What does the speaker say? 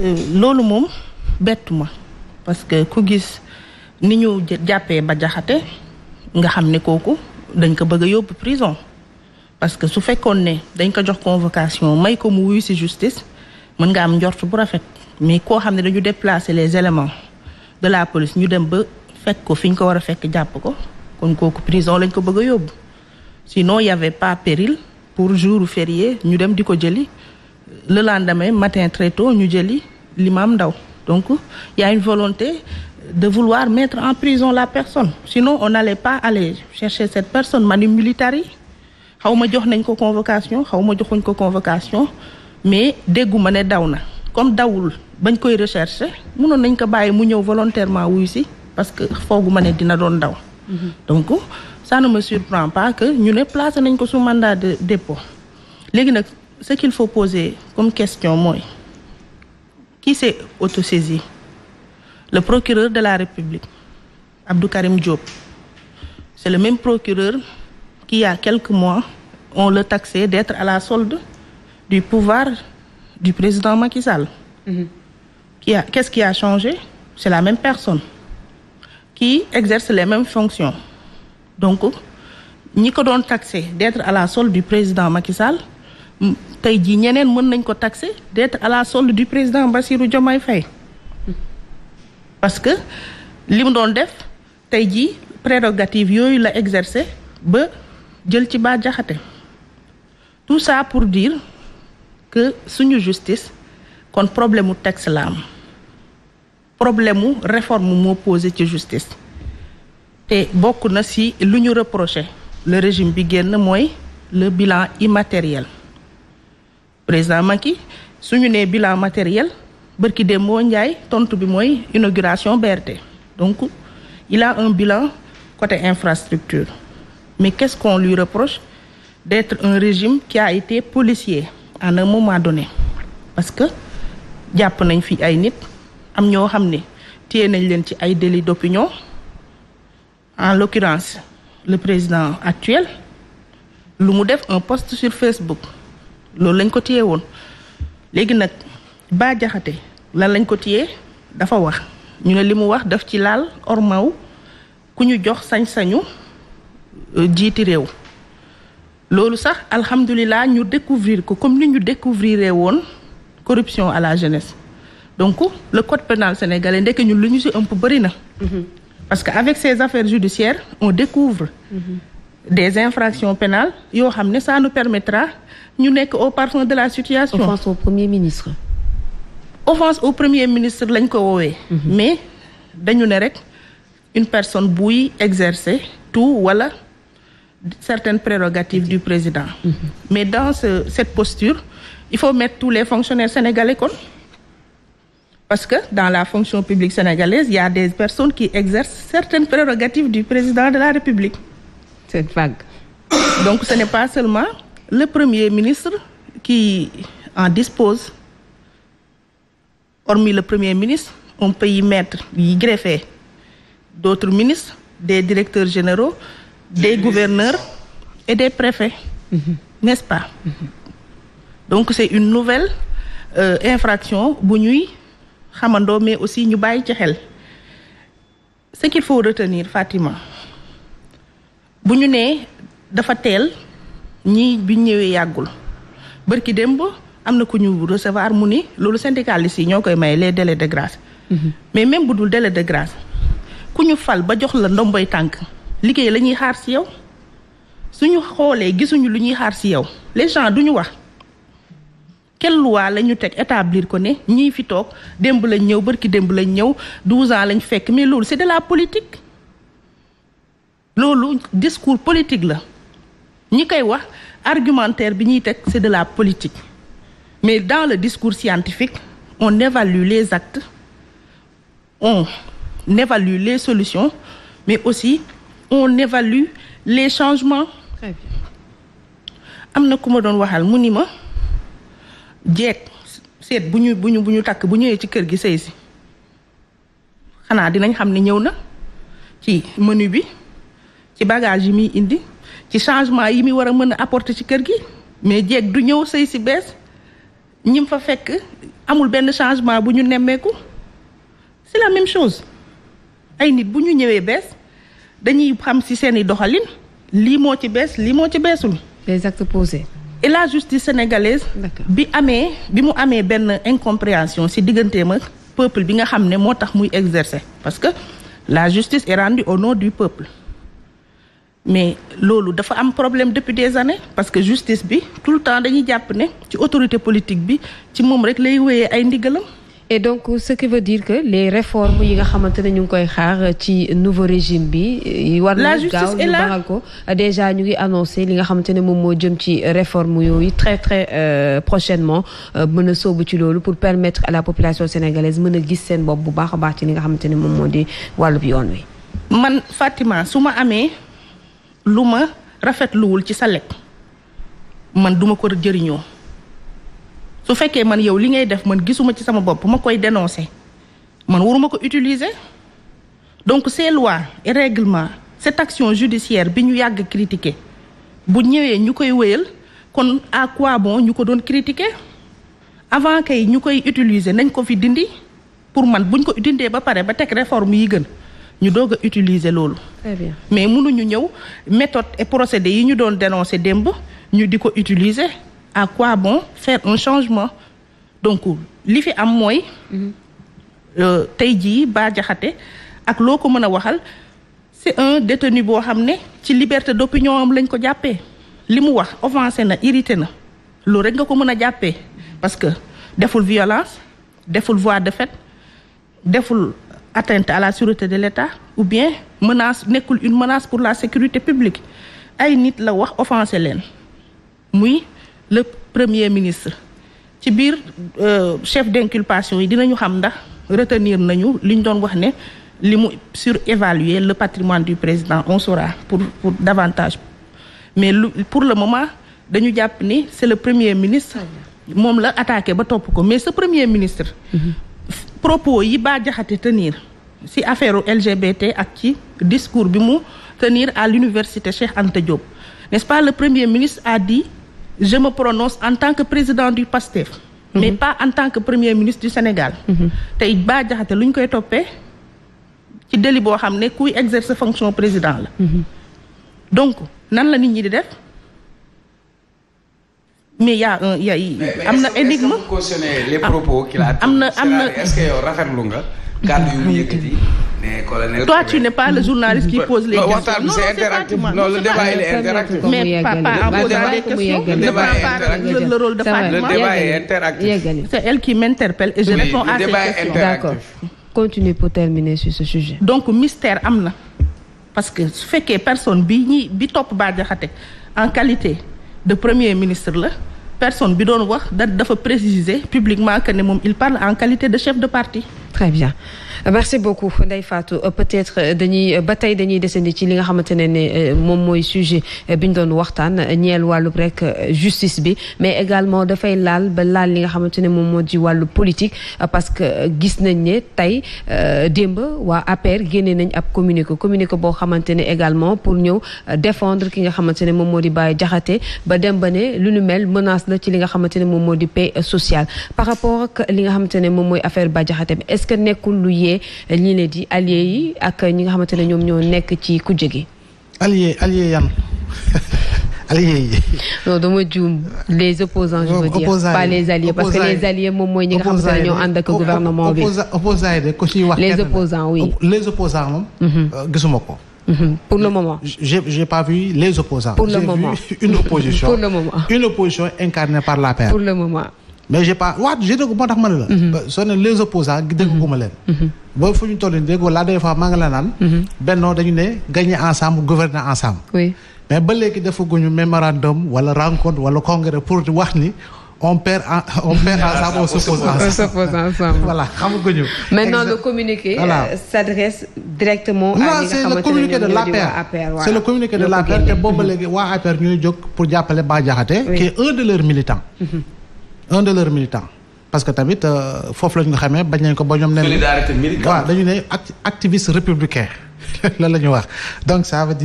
Euh, loolu moom bettu ma parce que ku gis ni ñu jàppee ba jaxate nga xam ne kooku dañ ko bëgg a yóbbu prison parce que su fekkoon ne dañ ko jox convocation may ko mu wuyu ci justice mën nga am njort bu rafet mais koo xam ne dañu déplacer les éléments de la police ñu dem ba fekk ko fi ñu ko war a fekk jàpp ko kon kooku prison lañ ko bëgg a yóbbu si no avait pas péril pour jour férié ñu dem di ko jëli le lendemain matin très tôt ñu jëli l'imam Ndaw donc y a une volonté de vouloir mettre en prison la personne sinon on n'allait pas aller chercher cette personne manu militari xaw ma jox nañ ko convocation xaw ma joxuñ ko convocation mais dégguma ne daw na comme dawul bañ koy recherche mënoon nañ ko bàyyi mu ñëw volontairement wuyu si parce que fooguma ne dina doon ndaw mhm. donc ça surprend pas que ñu ne placé nañ ko sous mandat de dépôt léegi nag ce qu'il faut poser comme question mooy qui s'est autosaisi le procureur de la République Abdou Karim Diop c'est le même procureur qui il a quelques mois on le taxait d'être à la solde du pouvoir du président Macky Sall mm-hmm. qui qu'est-ce qui a changé c'est la même personne qui exerce les mêmes fonctions donc ñi ko doon taxé d'être à la solde du président Macky tey jii ñeneen mën nañ ko taxer d'être à la solde du président Bassirou jommay Faye parce que lim doon def tey jii prérogative yooyu la exercer ba jël ci ba jaxate tout ça pour dire que suñu justice kon problème mu texte la am problème mu réforme moo posé ci justice te bokk na si lu ñu reproché le régime bi génn mooy le bilan immatériel président Macky suñu nee bilan matériel bërki dem moo njaay tontu bi mooy inauguration BRT donc il a un bilan côté infrastructure mais qu'est-ce qu'on lui reproche d'être un régime qui a été policier en un moment donné parce que jàpp nañ fi ay nit am ñoo xam ne téye nañ leen ci ay délit d'opinion en l'occurrence le président actuel lu mu def un post sur Facebook loolu lañ ko téye woon léegi nag Bah Diakhaté lan lañ ko téye dafa wax ñu ne li mu wax def ci laal ormaw ku ñu jox sañ-sañu euh, jiiti réew loolu sax alhamdulilah ñu découvrir ko comme ni ñu découvrir woon corruption à la jeunesse donc le code pénal sénégalais ndeke ñu lu ñu si ëmp bëri na mm-hmm. parce que avec ces affaires judiciaires on découvre mm-hmm. des infractions pénales yoo xam ne ça nous permettra ñu nekk au parfum de la situation. offense au premier ministre. offense au premier ministre lañ ko woowee. Mhm. mais dañu ne rek une personne buy exercer tout wala certaines prérogatives du président. Mhm. mais dans ce cette posture il faut mettre tous les fonctionnaires sénégalais kon. parce que dans la fonction publique sénégalaise y a des personnes qui exercent certaines prérogatives du président de la République. cette vague. Donc ce n'est pas seulement le Premier ministre qui en dispose. Hormis le Premier ministre, on peut y mettre, y greffer d'autres ministres, des directeurs généraux, des gouverneurs et des préfets. Mm N'est-ce pas? Mm-hmm. Donc c'est une nouvelle euh, infraction bu ñuy xamandoo mais aussi ñu bàyyi ci xel. Ce qu'il faut retenir, Fatima. bu ñu nee dafa teel ñii biñ ñëwee yàggul bërki démb am na ku ñu recevoir mu ni loolu syndicalistes yi ñoo koy maye les délais de grâce. Mhm. mais même bu dul délai de grâce ku ñu fal ba jox la ndomboy tànk liggéey la ñuy xaar si yow suñu xoolee gisuñu lu ñuy xaar si yow les du ñu wax quelle loi la ñu teg établir ko ne ñii fi toog démb lañ ñëw bërki démb lañ ñëw 12 ans lañ fekk mais loolu c'est de la politique. loolu discours politique la ñi koy wax argumentaire bi ñuy teg c'est de la politique mais dans le discours scientifique on évalue les actes on évalue les solutions mais aussi on évalue les changements am na ku ma doon waxal mu ni ma jeeg seet bu ñu bu ñu bu ñu takk bu ñëwee ci kër gi sëy si xanaa dinañ xam ne ñëw na ci menu bi ci bagage yi muy indi ci changement yi muy war a mën a apporter ci kër gi mais jeeg du ñëw sëy si bees ñim fa fekk amul benn changement bu ñu nemmeeku c'est la même chose ay nit bu ñu ñëwee bees dañuy xam ci seeni doxalin lii moo ci bees lii moo ci beesul. les actes posés. et la justice sénégalaise. bi amee bi mu amee benn incompréhension ci digganteem ak peuple bi nga xam ne moo tax muy exercer parce que la justice est rendue au nom du peuple. mais loolu dafa am problème depuis des années parce que justice bi tout le temps dañuy jàpp ne ci autorité politique bi ci moom rek lay wéyee ay ndigalam. et donc ce qui veut dire que les réforme yi nga xamante ne ñu ngi koy xaar ci nouveau régime bi. war na gaaw ñu baxal ko déjà ñu ngi li nga xamante ne moom moo jëm ci réforme yooyu très très euh, prochainement euh, mën a sóobu ci loolu pour permettre à la population sénégalaise mën a gis seen bopp bu baax a baax ci li nga xamante ne moom moo di wàllub yoon wi. man Fatima su ma amee. lu ma rafetluwul ci sa lekk man duma ko jëriñoo su fekkee man yow li ngay def man gisuma ci sama bopp ma koy dénoncer man waruma ko utiliser donc ces lois et règlements cette action judiciaire bi ñu yàgg critiquer bu ñëwee ñu koy wéyal kon à quoi bon ñu ko doon critiquer avant que yi ñu koy utiliser nañ ko fi dindi pour man buñ ko dindee ba pare ba teg réforme yi gën ñu doog utiliser loolu. mais mënuñu ñëw méthode et procédé yi ñu doon dénoncer démb ñu di ko utiliser à quoi bon faire un changement donc li fi am mooy. Mhm. Euh, tey jii Bah Diakhaté ak loo ko mën a waxal c'est un détenu boo xam ne ci liberté d'opinion am lañ ko jàppee li mu wax offensé na irrité na loolu rek nga ko mën a jàppee parce que deful violence deful voie de fait deful atteinte à la sûreté de l'État ou bien menace nekkul une menace pour la sécurité publique ay nit la wax offensé leen muy le premier ministre ci biir euh, chef d'inculpation yi dinañu xam ndax retenir nañu li ñu doon wax ne li mu évaluer le patrimoine du président on pour pour davantage mais lu pour le moment dañu jàpp ni c'est le premier ministre moom la attaqué ba topp ko mais ce premier ministre mm-hmm. propos yi Bah Diakhaté tenir ci affaire LGBT ak ci discours bi mu tenir à l'université Cheikh Anta Diop n'est-ce le premier ministre a dit je me en tant que président du PASTEF mhm. mais mm pas en tant que premier ministre du Sénégal mhm. tey Bah Diakhaté lu ñu koy toppee ci délit boo xam ne kuy exercer fonction président la mhm. donc nan la nit ñi di def mais y' a un y' a am na énigme les ah. propos qu'il a am na am na est-ce que yow rafetlu nga. kàddu yu mu yëkkati. mais colonel toi tu n'es pas le journaliste qui pose les questions non c'est interactif non le débat il est interactif mais papa en posant les questions ne prend pas le rôle de Fatima le débat est interactif c'est elle qui m'interpelle et je réponds à ses questions d'accord continue pour terminer sur ce sujet donc mystère am na parce que su fekkee personne bi ñi bi topp Bah Diakhaté en qualité de premier ministre la personne bi doon wax da dafa préciser publiquement que ne moom il parle en qualité de chef de parti. Très bien. merci beaucoup Ndeye faatu euh, peut-être euh, dañuy euh, ba tey dañuy desandi ci li nga xamante ne ne moom mooy sujet bi ñu doon waxtaan ñeel wàllub rek justice bi mais également dafay laal ba laal li nga xamante ne moom moo di wàllu politique parce que gis nañ ne tey démb waa APR génnee nañ ab communiqué communiqué boo xamante ne également pour ñëw défendre ki nga xamante ne moom moo di Bah Diakhaté ba dem ba ne lu nu mel menace la ci li nga xamante ne moom moo di paix social par rapport ak li nga xamante ne moom mooy affaire Bah Diakhaté est-ce que nekkul lu yee côtoyer ñi ne di alliés yi ak ñi nga xamante ne ñoom ñoo nekk ci kujje gi. alliés alliés yan alliés yi. non dama juum les opposants je veux dire pas les alliés parce que les alliés moom mooy ñi nga xamante ne ñoo ànd ak gouvernement bi. opposants yi de ko ciy wax. les opposants oui. les mhm. euh, mhm. pour le moment. j'ai j'ai pas vu les opposants. pour le moment j'ai une opposition. pour incarnée par l'APR. pour mais j'ai pas waaw j'ai dégg moo tax ma ne la. Mhm. soo ne les opposants dégguma leen. Mhm. ba fu ñu toll nii déggoo laa des fois maa ngi la naan. Mhm. bennoo dañu ne gagner ensemble gouverner ensemble. oui mais ba léegi defaguñu mémorandum wala rencontre wala congrès pour wax ni. on en, on ensemble, on s'oppose ensemble. On s'oppose ensemble. communiqué. Euh, s'adresse directement. à ñi communiqué de l'APR. communiqué de l'APR te boobu léegi waa APR ñuy jóg pour jàppale Bah Diakhaté. qui un un de leurs militants parce que tamit euh, foofu la ñu xamee bañ nañ ko ba ñoom. nee nañ waaw dañu ne activiste républicain lan la ñu wax donc ça veut